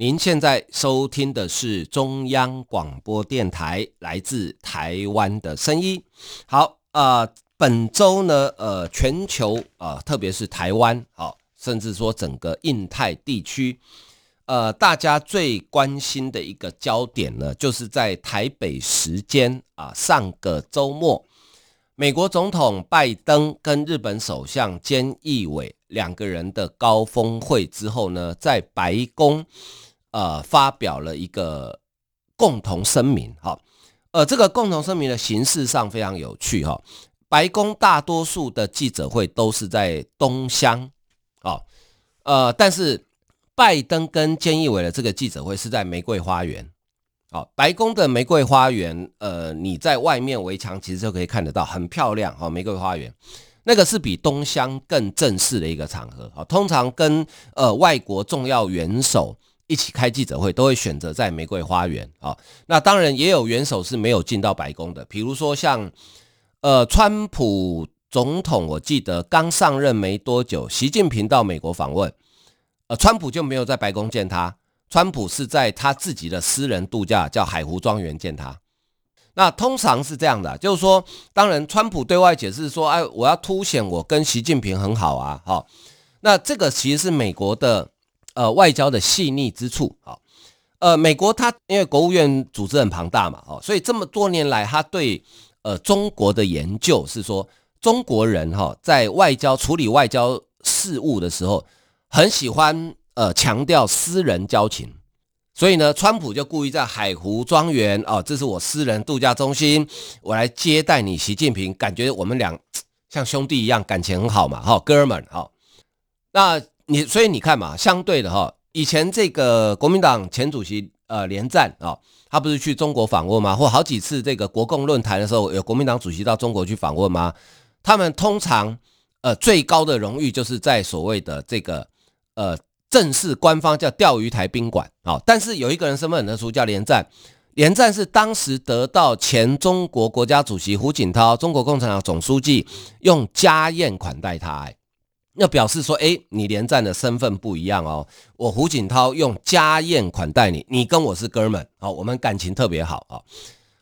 您現在收聽的是中央廣播電台來自台灣的聲音。好啊，呃，本周呢，呃，全球啊，呃，特別是台灣，好，呃，甚至說整個印太地區，呃，大家最關心的一個焦點呢，就是在台北時間啊，呃，上個周末，美國總統拜登跟日本首相菅義偉兩個人的高峰會之後呢，在白宮。呃，發表了一個共同聲明，哈、哦，呃，這個共同聲明的形式上非常有趣哈、哦。白宮大多數的記者會都是在東廂哦，呃，但是拜登跟菅義偉的這個記者會是在玫瑰花園，哦，白宮的玫瑰花園，呃，你在外面圍牆其實就可以看得到，很漂亮哈、哦，玫瑰花園那個是比東廂更正式的一個場合，哦，通常跟呃外國重要元首。一起開記者會都會選擇在玫瑰花園啊。哦，那當然也有元首是沒有進到白宮的，比如說像呃，川普總統，我記得剛上任沒多久，習近平到美國訪問，呃，川普就沒有在白宮見他，川普是在他自己的私人度假叫海湖莊園見他。那通常是這樣的，就是說，當然川普對外解釋說，哎，我要凸顯我跟習近平很好啊，哦，那這個其實是美國的。呃，外交的細膩之處，哦，呃，美國他因為國務院組織很龐大嘛，哦，所以這麼多年來，他對呃中國的研究是說，中國人哈，哦，在外交處理外交事務的時候，很喜歡呃強調私人交情，所以呢，川普就故意在海湖莊園哦，這是我私人度假中心，我來接待你，習近平，感覺我們倆像兄弟一樣，感情很好嘛，哈，哦，哥們，哦，那。你所以你看嘛，相對的哈、哦，以前這個國民黨前主席呃連戰啊、哦，他不是去中國訪問嗎？或好幾次這個國共論壇的時候，有國民黨主席到中國去訪問嗎？他們通常呃最高的榮譽就是在所謂的這個呃正式官方叫釣魚台賓館啊、哦。但是有一個人身份很特殊，叫連戰。連戰是當時得到前中國國家主席胡錦濤、中國共產黨總書記用家宴款待他、哎。要表示說，誒、欸、你連戰的身份不一樣哦，我胡錦濤用家宴款待你，你跟我是哥們哦，我們感情特別好啊、哦，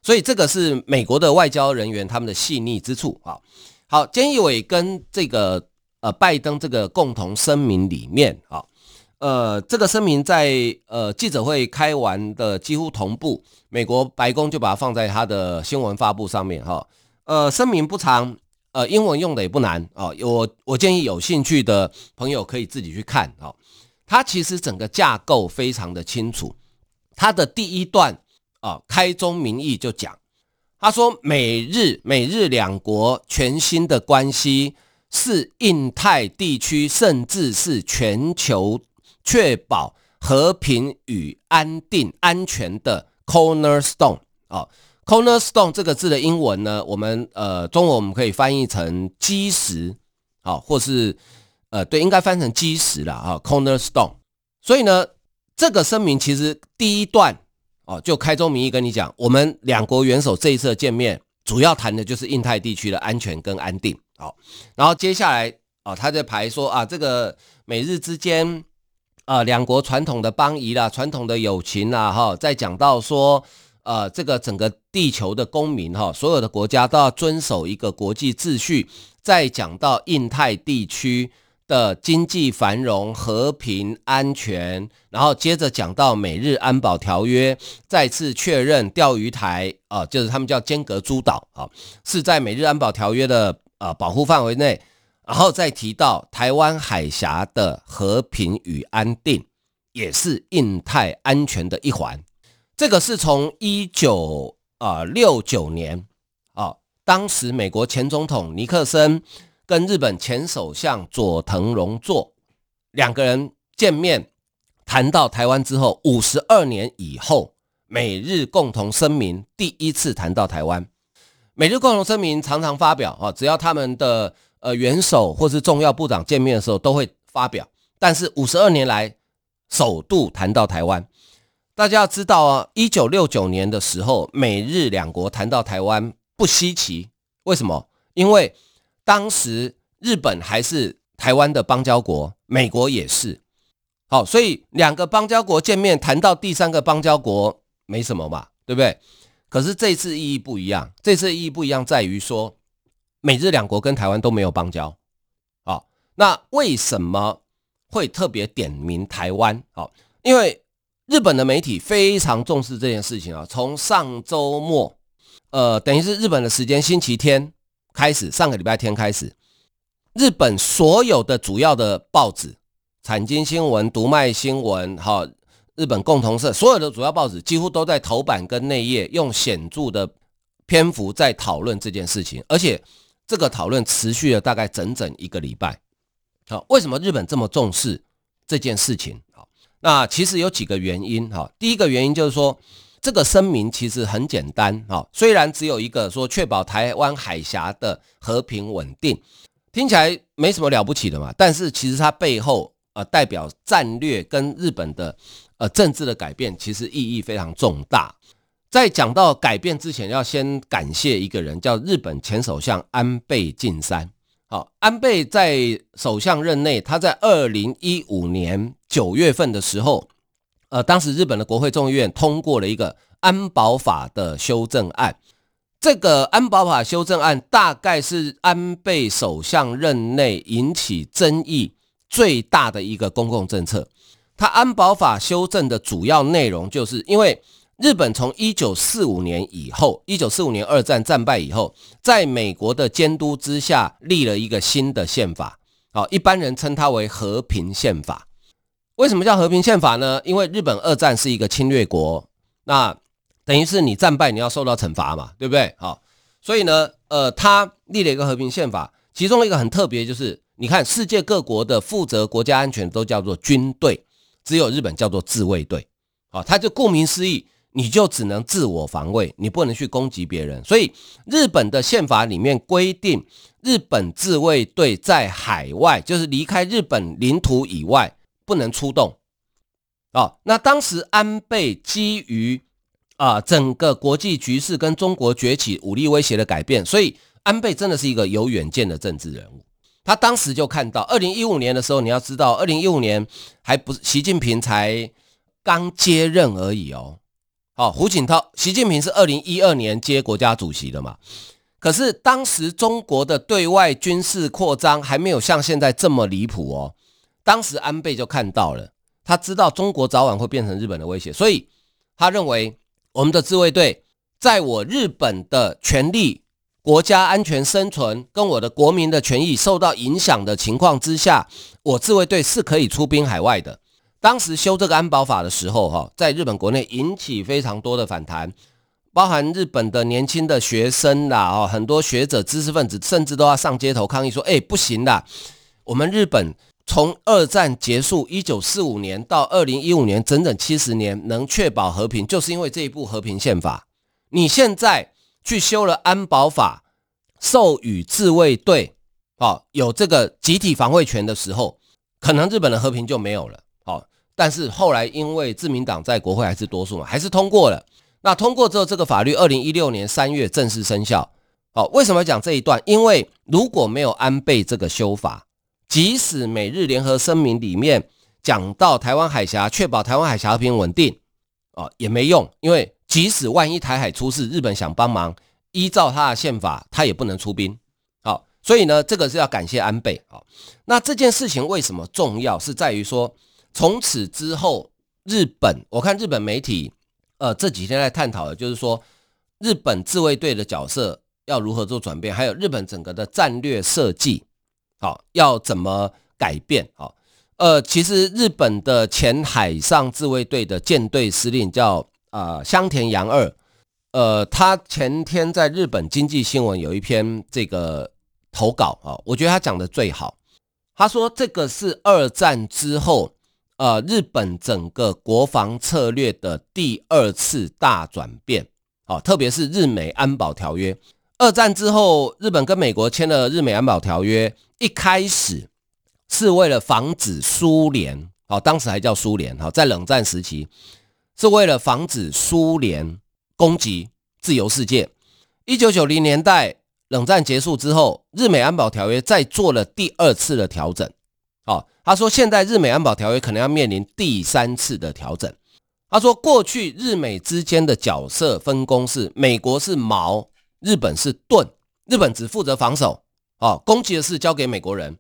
所以這個是美國的外交人員他們的細膩之處啊、哦。好，菅義偉跟這個呃拜登這個共同聲明裡面啊、哦，呃，這個聲明在呃記者會開完的幾乎同步，美國白宮就把它放在他的新聞發布上面哈、哦，呃，聲明不長。呃，英文用的也不難哦。我我建議有興趣的朋友可以自己去看哦。它其實整個架構非常的清楚。它的第一段哦，開宗明義就講，他說，美日美日兩國全新的關係是印太地區甚至是全球確保和平與安定安全的 cornerstone 哦。Cornerstone 這個字的英文呢，我們呃，中文我們可以翻譯成基石，哦，或是呃，對，應該翻成基石啦啊，哦，Cornerstone。所以呢，這個聲明其實第一段哦，就開宗明義跟你講，我們兩國元首這一次的見面，主要談的就是印太地區的安全跟安定，好，然後接下來哦，他在排說啊，這個美日之間啊，兩國傳統的邦誼啦，傳統的友情啦，哈，再講到說。呃，這個整個地球的公民哈、哦，所有的國家都要遵守一個國際秩序。再講到印太地區的經濟繁榮、和平安全，然後接着講到美日安保條約，再次確認釣魚台啊、呃，就是他們叫尖閣諸島啊、哦，是在美日安保條約的呃保護範圍內。然後再提到台灣海峽的和平與安定，也是印太安全的一環。這個是從一九啊六九年啊，當時美國前總統尼克森跟日本前首相佐藤榮作兩個人見面，談到台灣之後，五十二年以後，美日共同聲明第一次談到台灣。美日共同聲明常常發表啊，只要他們的呃元首或是重要部長見面的時候都會發表，但是五十二年來首度談到台灣。大家要知道啊，一九六九年的時候，美日兩國談到台灣不稀奇，為什麼？因為當時日本還是台灣的邦交國，美國也是。好，所以兩個邦交國見面談到第三個邦交國沒什麼吧？對不對？可是這次意義不一樣，這次意義不一樣在於說，美日兩國跟台灣都沒有邦交。好，那為什麼會特別點名台灣？好，因為。日本的媒體非常重視這件事情啊！從上週末，呃，等於是日本的時間星期天開始，上個禮拜天開始，日本所有的主要的報紙，產經新聞、讀賣新聞、哈，日本共同社，所有的主要報紙幾乎都在頭版跟內頁用顯著的篇幅在討論這件事情，而且這個討論持續了大概整整一個禮拜。好，為什麼日本這麼重視這件事情？那其實有幾個原因哈。第一個原因就是說，這個聲明其實很簡單哈。雖然只有一個說確保台灣海峽的和平穩定，聽起來沒什麼了不起的嘛。但是其實它背後呃代表戰略跟日本的呃政治的改變，其實意義非常重大。在講到改變之前，要先感謝一個人，叫日本前首相安倍晉三。好，安倍在首相任內，他在二零一五年。九月份的時候，呃，當時日本的國會眾議院通過了一個安保法的修正案。這個安保法修正案大概是安倍首相任內引起爭議最大的一個公共政策。它安保法修正的主要內容就是，因為日本從一九四五年以後，一九四五年二戰戰敗以後，在美國的監督之下立了一個新的憲法，啊、哦，一般人稱它為和平憲法。為什麼叫和平憲法呢？因為日本二戰是一個侵略國，那等於是你戰敗，你要受到懲罰嘛，對不對？好，所以呢，呃，他立了一個和平憲法，其中一個很特別就是，你看世界各國的負責國家安全都叫做軍隊，只有日本叫做自衛隊。好，他就顧名思義，你就只能自我防衛，你不能去攻擊別人。所以日本的憲法裡面規定，日本自衛隊在海外，就是離開日本領土以外，不能出動，哦，那當時安倍基於啊、呃、整個國際局勢跟中國崛起武力威脅的改變，所以安倍真的是一個有遠見的政治人物。他當時就看到二零一五年的時候，你要知道，二零一五年還不是習近平才剛接任而已哦。哦，胡錦濤，習近平是二零一二年接國家主席的嘛？可是當時中國的對外軍事擴張還沒有像現在這麼離譜哦。當時安倍就看到了，他知道中國早晚會變成日本的威脅，所以他認為我們的自衛隊在我日本的權利、國家安全、生存跟我的國民的權益受到影響的情況之下，我自衛隊是可以出兵海外的。當時修這個安保法的時候，哈，在日本國內引起非常多的反彈，包含日本的年輕的學生啦，哦，很多學者、知識分子甚至都要上街頭抗議，說：“哎，不行啦，我們日本。”從二戰結束一九四五年到二零一五年整整七十年，能確保和平，就是因為這一部和平憲法。你現在去修了安保法，授予自衛隊哦有這個集體防衛權的時候，可能日本的和平就沒有了。哦，但是後來因為自民黨在國會還是多數嘛，還是通過了。那通過之後，這個法律二零一六年三月正式生效。哦，為什麼要講這一段？因為如果沒有安倍這個修法。即使美日聯合聲明裡面講到台灣海峽，確保台灣海峽和平穩定，啊，也沒用，因為即使萬一台海出事，日本想幫忙，依照他的憲法，他也不能出兵。好，所以呢，這個是要感謝安倍啊。那這件事情為什麼重要？是在於說，從此之後，日本，我看日本媒體，呃，這幾天在探討的就是說，日本自衛隊的角色要如何做轉變，還有日本整個的戰略設計。好，要怎麼改變？好、哦，呃，其實日本的前海上自衛隊的艦隊司令叫啊、呃、香田洋二，呃，他前天在日本經濟新聞有一篇這個投稿啊、哦，我覺得他講的最好。他說這個是二戰之後，呃，日本整個國防策略的第二次大轉變。好、哦，特別是日美安保條約。二戰之後，日本跟美國簽了日美安保條約。一開始是為了防止蘇聯，哦，當時還叫蘇聯，好，在冷戰時期是為了防止蘇聯攻擊自由世界。一九九零年代冷戰結束之後，日美安保條約再做了第二次的調整。哦，他說現在日美安保條約可能要面臨第三次的調整。他說過去日美之間的角色分工是美國是矛，日本是盾，日本只負責防守。哦，攻擊的事交給美國人。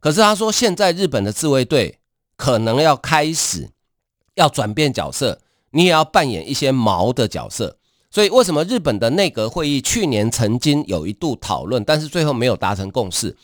可是他說，現在日本的自衛隊可能要開始要轉變角色，你也要扮演一些矛的角色。所以，為什麼日本的內閣會議去年曾經有一度討論，但是最後沒有達成共識？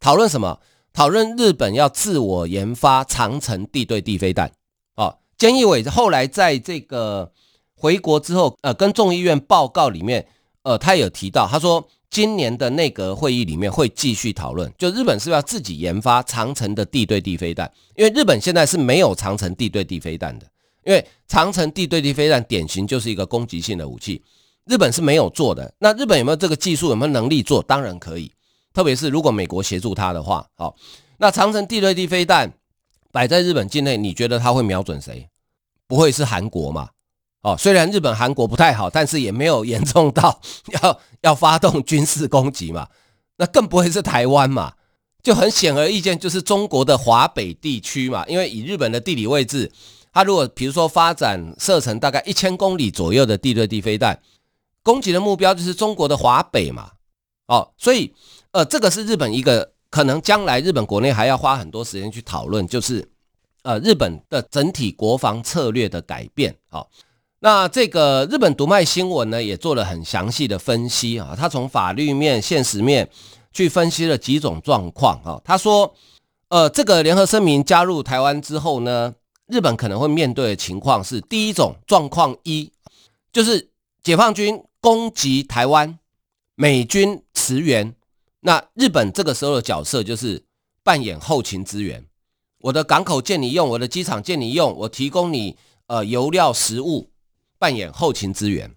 討論什麼？討論日本要自我研發長程地對地飛彈。哦，菅義偉後來在這個回國之後，呃，跟眾議院報告裡面，呃，他有提到，他說。今年的內閣會議裡面會繼續討論，就日本是要自己研發長程的地對地飛彈，因為日本現在是沒有長程地對地飛彈的，因為長程地對地飛彈典型就是一個攻擊性的武器，日本是沒有做的。那日本有沒有這個技術，有沒有能力做？當然可以，特別是如果美國協助他的話，好，那長程地對地飛彈擺在日本境內，你覺得他會瞄準誰？不會是韓國嗎？哦，雖然日本韓國不太好，但是也沒有嚴重到要要發動軍事攻擊嘛。那更不會是台灣嘛，就很顯而易見，就是中國的華北地區嘛。因為以日本的地理位置，它如果比如說發展射程大概一千公里左右的地對地飛彈，攻擊的目標就是中國的華北嘛。哦，所以呃，這個是日本一個可能將來日本國內還要花很多時間去討論，就是呃日本的整體國防策略的改變，哦。那這個日本讀賣新聞呢，也做了很詳細的分析啊。他從法律面、現實面去分析了幾種狀況啊。他說，呃，這個聯合聲明加入台灣之後呢，日本可能會面對的情況是第一種狀況一，就是解放軍攻擊台灣，美軍馳援，那日本這個時候的角色就是扮演後勤支援，我的港口借你用，我的機場借你用，我提供你呃油料、食物。扮演後勤支援。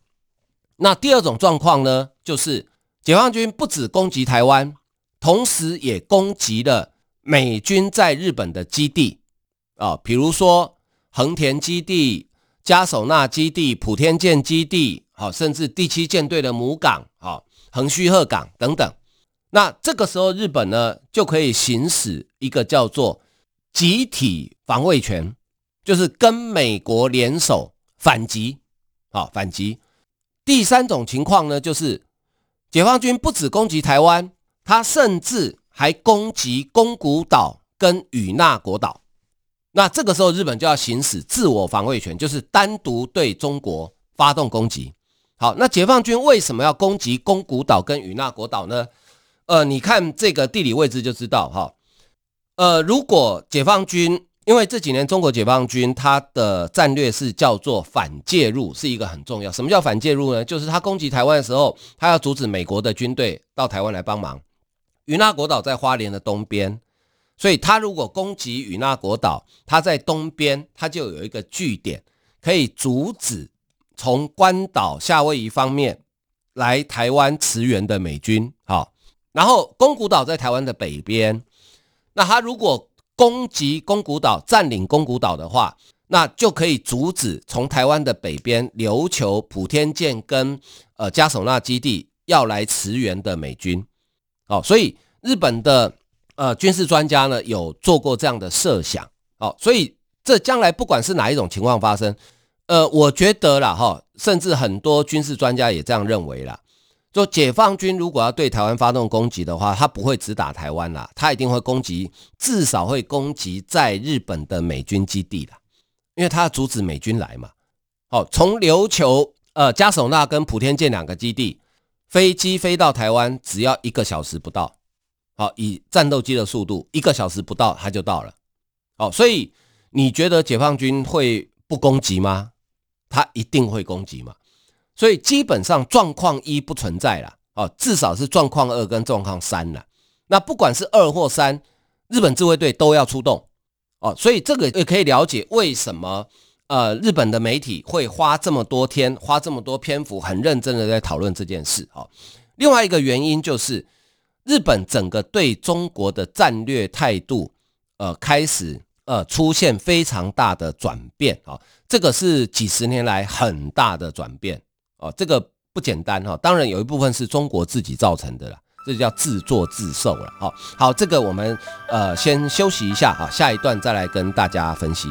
那第二種狀況呢，就是解放軍不只攻擊台灣，同時也攻擊了美軍在日本的基地，啊，比如說橫田基地、嘉手納基地、普天間基地，啊，甚至第七艦隊的母港，啊，橫須賀港等等。那這個時候，日本呢就可以行使一個叫做集體防衛權，就是跟美國聯手反擊。好，反擊。第三種情況呢，就是解放軍不只攻擊台灣，他甚至還攻擊宮古島跟與那國島。那這個時候，日本就要行使自我防衛權，就是單獨對中國發動攻擊。好，那解放軍為什麼要攻擊宮古島跟與那國島呢？呃，你看這個地理位置就知道哈。呃，如果解放軍因為這幾年中國解放軍他的戰略是叫做反介入，是一個很重要。什麼叫反介入呢？就是他攻擊台灣的時候，他要阻止美國的軍隊到台灣來幫忙。與那國島在花蓮的東邊，所以他如果攻擊與那國島，他在東邊，他就有一個據點可以阻止從關島、夏威夷方面來台灣馳援的美軍。好，然後宮古島在台灣的北邊，那他如果攻擊宮古島，占領宮古島的話，那就可以阻止從台灣的北邊琉球、普天間跟呃嘉手納基地要來馳援的美軍。哦，所以日本的呃軍事專家呢有做過這樣的設想。哦，所以這將來不管是哪一種情況發生，呃，我覺得啦哈，甚至很多軍事專家也這樣認為啦。就解放軍如果要對台灣發動攻擊的話，他不會只打台灣啦，他一定會攻擊，至少會攻擊在日本的美軍基地啦，因為他阻止美軍來嘛。哦，從琉球呃嘉手納跟普天間兩個基地，飛機飛到台灣只要一個小時不到，哦，以戰鬥機的速度，一個小時不到他就到了。哦，所以你覺得解放軍會不攻擊嗎？他一定會攻擊嗎？所以基本上狀況一不存在了哦，至少是狀況二跟狀況三了。那不管是二或三，日本自衛隊都要出動哦。所以這個也可以了解為什麼呃日本的媒體會花這麼多天、花這麼多篇幅，很認真的在討論這件事哦，另外一個原因就是，日本整個對中國的戰略態度呃開始呃出現非常大的轉變啊、哦，這個是幾十年來很大的轉變。哦，這個不簡單哈，哦，當然有一部分是中國自己造成的了，這就叫自作自受了哈。好，這個我們呃先休息一下啊，哦，下一段再來跟大家分析。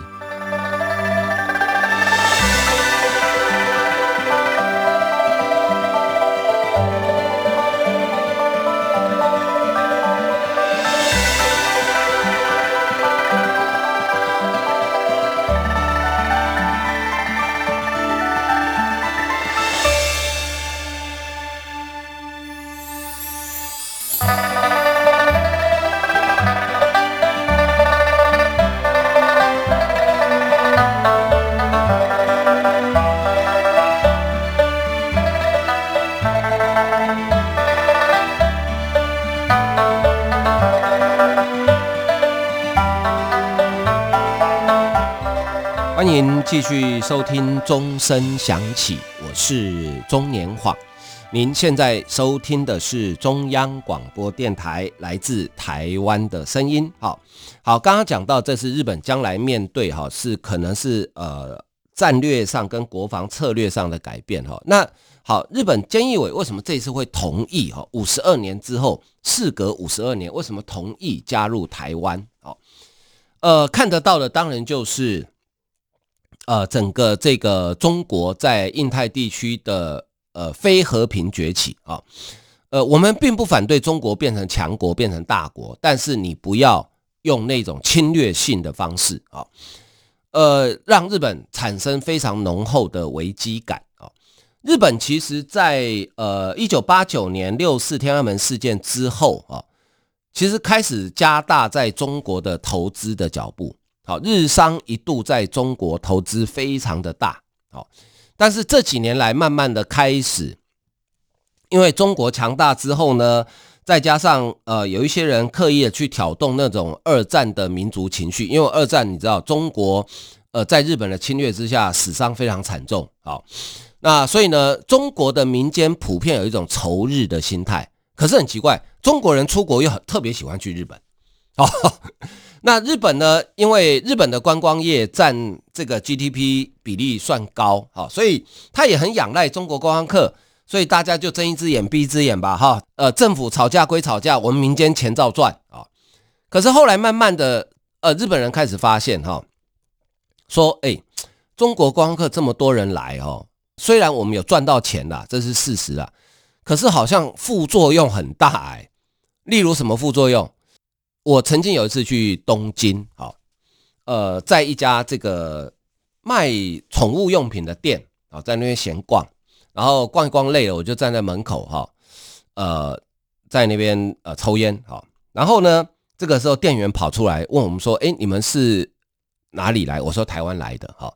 繼續收聽鐘聲響起，我是鍾年晃。您現在收聽的是中央廣播電臺來自台灣的聲音。好，好，剛剛講到這是日本將來面對哈，是可能是呃戰略上跟國防策略上的改變哈。那好，日本菅義偉為什麼這次會同意哈？五十二年之後，事隔五十二年，為什麼同意加入台灣？呃，看得到的當然就是。呃，整個這個中國在印太地區的呃非和平崛起啊，呃，我們並不反對中國變成強國、變成大國，但是你不要用那種侵略性的方式啊，呃，讓日本產生非常濃厚的危機感啊。日本其實在呃一九八九年六四天安門事件之後啊，其實開始加大在中國的投資的腳步。好，日商一度在中國投資非常的大，好，但是這幾年來慢慢的開始，因為中國強大之後呢，再加上呃有一些人刻意的去挑動那種二戰的民族情緒，因為二戰你知道中國呃在日本的侵略之下死傷非常慘重，好，那所以呢，中國的民間普遍有一種仇日的心態，可是很奇怪，中國人出國又很特別喜歡去日本，哦，那日本呢？因為日本的觀光業占這個 GDP 比例算高哈，所以他也很仰賴中國觀光客，所以大家就睜一隻眼閉一隻眼吧哈。呃，政府吵架歸吵架，我們民間錢照賺啊。可是後來慢慢的，呃，日本人開始發現哈，說哎、欸，中國觀光客這麼多人來哦，雖然我們有賺到錢啦，這是事實啊，可是好像副作用很大哎、欸。例如什麼副作用？我曾經有一次去東京，啊，呃，在一家這個賣寵物用品的店啊，在那邊閒逛，然後逛一逛累了，我就站在門口哈，呃，在那邊呃抽煙啊，然後呢，這個時候店員跑出來問我們說，哎，你們是哪裡來？我說台灣來的哈，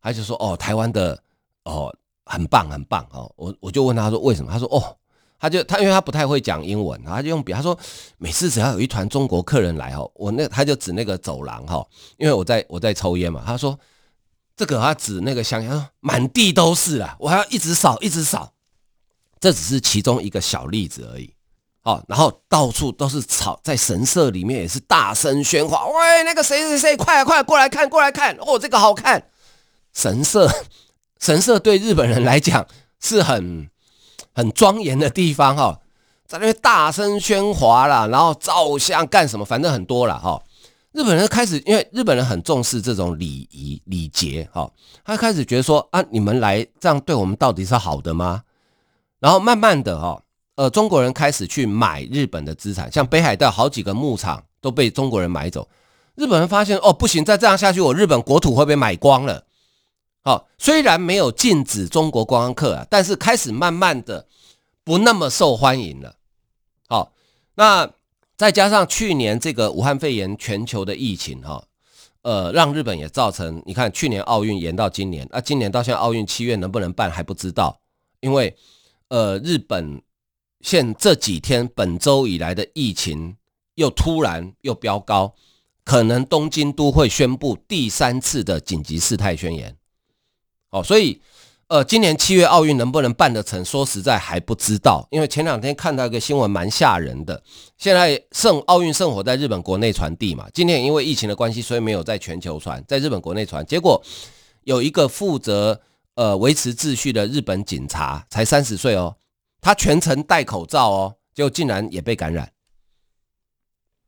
他就說哦，台灣的哦，很棒很棒哦，我我就問他說為什麼？他說哦。他就他，因為他不太會講英文，他就用筆。他說，每次只要有一團中國客人來吼，我那他就指那個走廊哈，因為我在我在抽煙嘛。他說，這個他指那個香煙，滿地都是啦，我還要一直掃，一直掃。這只是其中一個小例子而已，哦，然後到處都是吵，在神社裡面也是大聲喧嘩。喂，那個誰誰誰，快來快來過來看，過來看，哦，這個好看。神社神社對日本人來講是很很莊嚴的地方哈，在那邊大聲喧嘩啦，然後照相幹什麼？反正很多了哈。日本人開始，因為日本人很重視這種禮儀禮節哈，他開始覺得說啊，你們來這樣對我們到底是好的嗎？然後慢慢的哈，呃，中國人開始去買日本的資產，像北海道好幾個牧場都被中國人買走。日本人發現哦，不行，再這樣下去，我日本國土會被買光了。好、哦，雖然沒有禁止中國觀光客啊，但是開始慢慢的不那麼受歡迎了。好、哦，那再加上去年這個武漢肺炎全球的疫情啊、哦、呃，讓日本也造成，你看去年奧運延到今年，那、啊、今年到現在奧運七月能不能辦還不知道，因為呃日本現這幾天本週以來的疫情又突然又飆高，可能東京都會宣佈第三次的緊急事態宣言。哦，所以，呃，今年七月奧運能不能辦得成？說實在還不知道，因為前兩天看到一個新聞，蠻嚇人的。現在聖奧運聖火在日本國內傳遞嘛，今年因為疫情的關係，所以沒有在全球傳，在日本國內傳。結果有一個負責呃維持秩序的日本警察，才三十歲哦，他全程戴口罩哦，就竟然也被感染。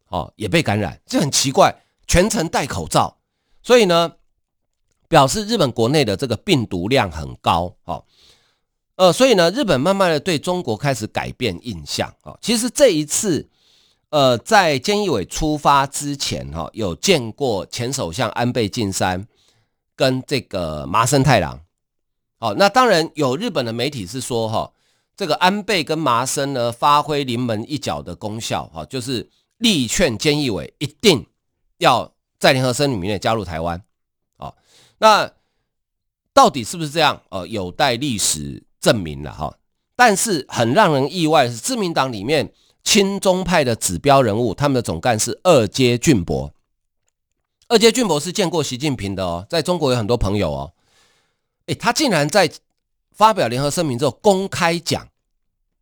哦，也被感染，這很奇怪，全程戴口罩，所以呢。表示日本國內的這個病毒量很高，哦，呃，所以呢，日本慢慢的對中國開始改變印象，哦，其實這一次，呃，在菅義偉出發之前，哈，有見過前首相安倍晉三跟這個麻生太郎，好，那當然有日本的媒體是說，哈，這個安倍跟麻生呢，發揮臨門一腳的功效，哈，就是力勸菅義偉一定要在聯合聲明裡面加入台灣。那到底是不是這樣？呃，有待歷史證明了哈。但是很讓人意外的是，自民黨裡面親中派的指標人物，他們的總幹事二階俊博，二階俊博是見過習近平的哦，在中國有很多朋友哦，哎。他竟然在發表聯合聲明之後公開講，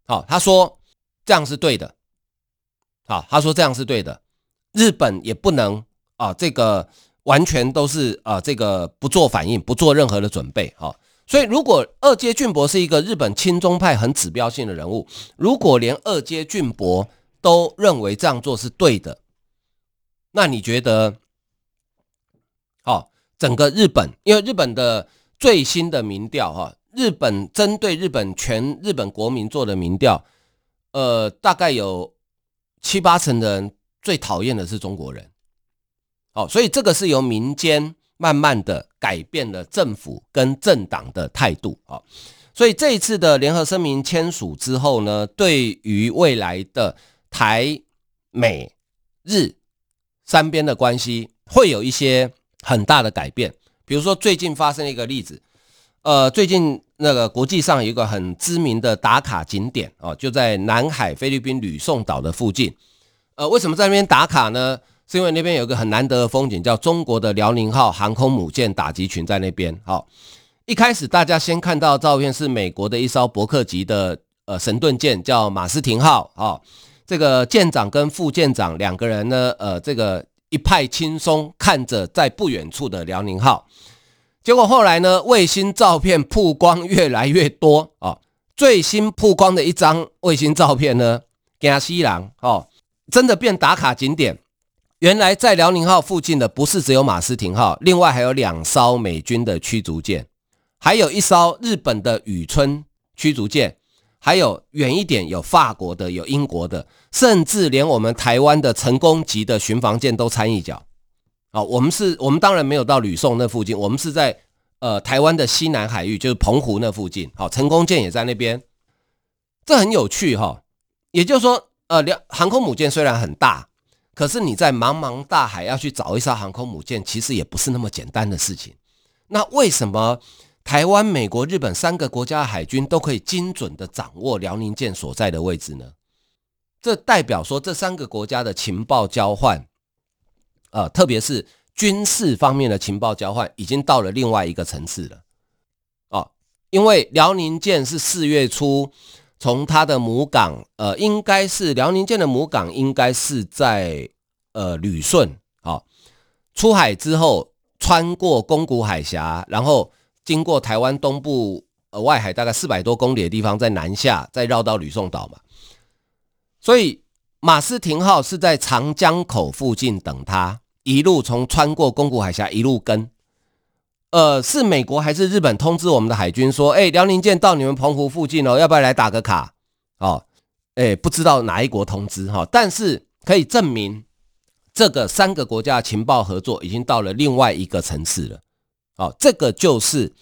哦，他說這樣是對的。好，他說這樣是對的。日本也不能啊，這個。完全都是啊，這個不做反應，不做任何的準備哈。所以，如果二階俊博是一個日本親中派很指標性的人物，如果連二階俊博都認為這樣做是對的，那你覺得？好，整個日本，因為日本的最新的民調哈，日本針對日本全日本國民做的民調，呃，大概有七八成的人最討厭的是中國人。哦，所以這個是由民間慢慢的改變了政府跟政黨的態度啊，所以這一次的聯合聲明簽署之後呢，對於未來的台美日三邊的關係會有一些很大的改變。比如說最近發生一個例子，呃，最近那個國際上有一個很知名的打卡景點哦，就在南海菲律賓呂宋島的附近。呃，為什麼在那邊打卡呢？是因為那邊有一個很難得的風景，叫中國的遼寧號航空母艦打擊群在那邊。哦，一開始大家先看到照片是美國的一艘伯克級的呃神盾艦，叫馬斯廷號。哦，這個艦長跟副艦長兩個人呢，呃，這個一派輕鬆，看着在不遠處的遼寧號。結果後來呢，衛星照片曝光越來越多哦，最新曝光的一張衛星照片呢，嚇死郎哦，真的變打卡景點。原來在遼寧號附近的不是只有馬斯廷號，另外還有兩艘美軍的驅逐艦，還有一艘日本的宇春驅逐艦，還有遠一點有法國的、有英國的，甚至連我們台灣的成功級的巡防艦都參一腳，哦。我們是，我們當然沒有到呂宋那附近，我們是在呃台灣的西南海域，就是澎湖那附近。好、哦，成功艦也在那邊，這很有趣哈、哦。也就是說，呃，航空母艦雖然很大。可是你在茫茫大海要去找一艘航空母艦，其實也不是那麼簡單的事情。那為什麼台灣、美國、日本三個國家的海軍都可以精準地掌握遼寧艦所在的位置呢？這代表說，這三個國家的情報交換，呃，特別是軍事方面的情報交換，已經到了另外一個層次了。哦，因為遼寧艦是四月初。從他的母港，呃，應該是遼寧艦的母港，應該是在呃旅順，好、哦，出海之後穿過宮古海峽，然後經過台灣東部呃外海大概四百多公里的地方，在南下，再繞到呂宋島嘛。所以馬斯廷號是在長江口附近等他，一路從穿過宮古海峽一路跟。呃，是美國還是日本通知我們的海軍說，哎、欸，遼寧艦到你們澎湖附近嘍、哦，要不要來打個卡？哦，哎、欸，不知道哪一國通知哈、哦，但是可以證明這個三個國家情報合作已經到了另外一個層次了。哦，這個就是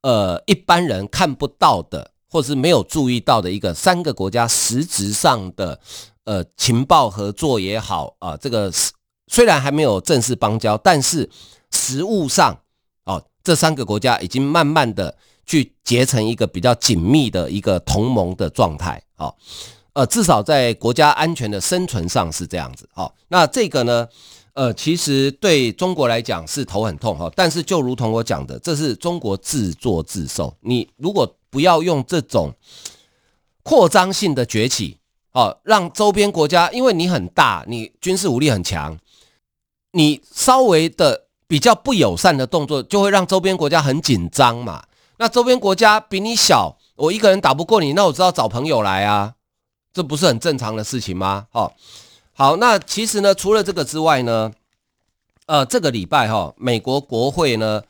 呃一般人看不到的，或是沒有注意到的一個三個國家實質上的呃情報合作也好啊、呃，這個雖然還沒有正式邦交，但是實務上。這三個國家已經慢慢的去結成一個比較緊密的一個同盟的狀態，哦，呃，至少在國家安全的生存上是這樣子，哦，那這個呢，呃，其實對中國來講是頭很痛，哈，但是就如同我講的，這是中國自作自受，你如果不要用這種擴張性的崛起，哦，讓周邊國家，因為你很大，你軍事武力很強，你稍微的。比較不友善的動作，就會讓周邊國家很緊張嘛。那周邊國家比你小，我一個人打不過你，那我知道找朋友來啊，這不是很正常的事情嗎？哈，好，那其實呢，除了這個之外呢，呃，這個禮拜哈、哦，美國國會呢，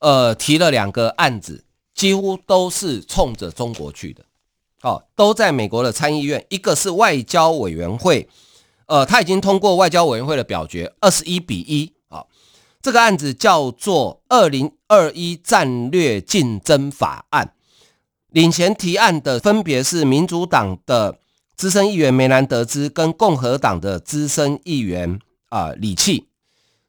呃，提了兩個案子，幾乎都是衝着中國去的，哦，都在美國的參議院，一個是外交委員會，呃，他已經通過外交委員會的表決，二十一比一。這個案子叫做《二零二一戰略競爭法案》，領銜提案的分別是民主黨的資深議員梅蘭德茲跟共和黨的資深議員啊李契。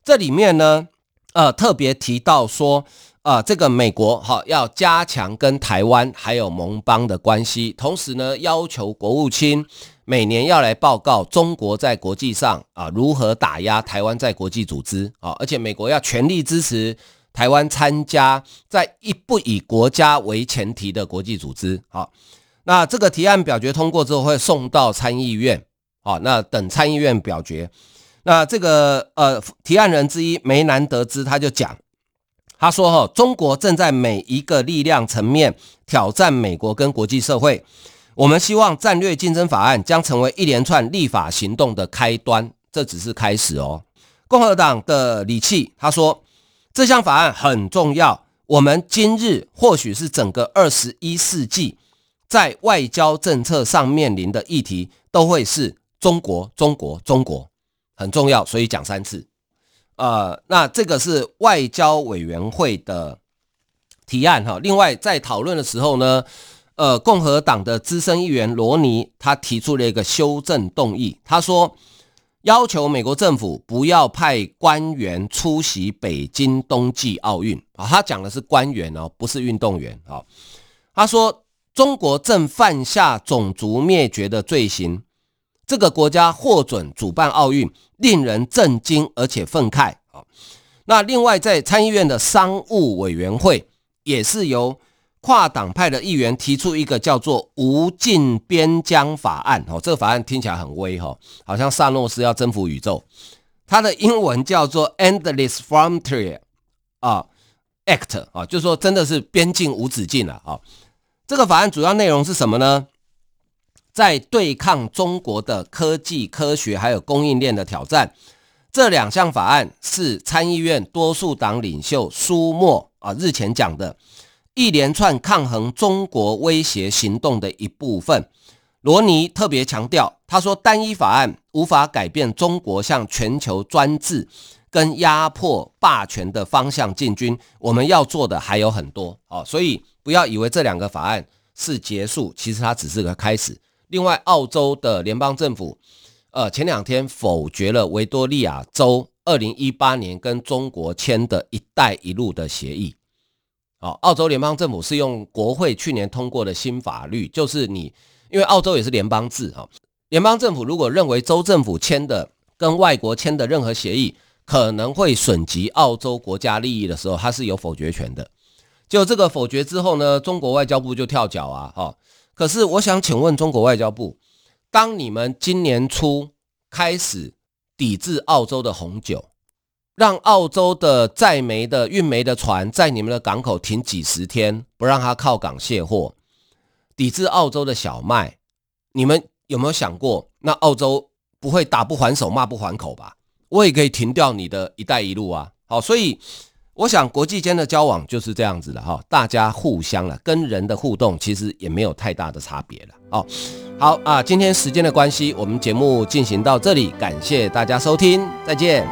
這裡面呢，呃，特別提到說。啊，這個美國哈、哦、要加強跟台灣還有盟邦的關係，同時呢，要求國務卿每年要來報告中國在國際上啊如何打壓台灣在國際組織啊、哦，而且美國要全力支持台灣參加在一不以國家為前提的國際組織。好、哦，那這個提案表決通過之後會送到參議院啊、哦，那等參議院表決，那這個呃提案人之一梅南德茲他就講。他說：“哈，中國正在每一個力量層面挑戰美國跟國際社會。我們希望戰略競爭法案將成為一連串立法行動的開端，這只是開始哦。”共和黨的李奇他說：“這項法案很重要，我們今日或許是整個二十一世紀在外交政策上面臨的議題都會是中國，中國，中國，很重要，所以講三次。”呃，那這個是外交委員會的提案哈。另外，在討論的時候呢，呃，共和黨的資深議員羅尼他提出了一個修正動議，他說要求美國政府不要派官員出席北京冬季奧運啊。他講的是官員哦，不是運動員啊。他說中國正犯下種族滅絕的罪行。這個國家獲准主辦奧運，令人震驚，而且憤慨啊！那另外，在參議院的商務委員會，也是由跨黨派的議員提出一個叫做《無盡邊疆法案》哦。這個法案聽起來很威哈，好像薩諾斯要征服宇宙。他的英文叫做《Endless Frontier》，啊，Act 啊，就是說真的是邊境無止境了啊。這個法案主要內容是什麼呢？在對抗中國的科技、科學還有供應鏈的挑戰。這兩項法案是參議院多數黨領袖舒默啊日前講的一連串抗衡中國威脅行動的一部分。羅尼特別強調，他說單一法案無法改變中國向全球專制跟壓迫霸權的方向進軍。我們要做的還有很多哦，所以不要以為這兩個法案是結束，其實它只是個開始。另外，澳洲的聯邦政府，呃，前兩天否決了維多利亞州二零一八年跟中國簽的一帶一路的協議。哦，澳洲聯邦政府是用國會去年通過的新法律，就是你，因為澳洲也是聯邦制啊、哦，聯邦政府如果認為州政府簽的跟外國簽的任何協議可能會損及澳洲國家利益的時候，它是有否決權的。就這個否決之後呢，中國外交部就跳腳啊，哈、哦。可是，我想請問中國外交部，當你們今年初開始抵制澳洲的紅酒，讓澳洲的載煤的運煤的船在你們的港口停幾十天，不讓它靠港卸貨，抵制澳洲的小麥，你們有沒有想過，那澳洲不會打不還手，罵不還口吧？我也可以停掉你的一帶一路啊。好，所以。我想，國際間的交往，就是這樣子的哈，大家互相了，跟人的互動其實也沒有太大的差別了哦。好啊，今天時間的關係，我們節目進行到這裡，感謝大家收聽，再見。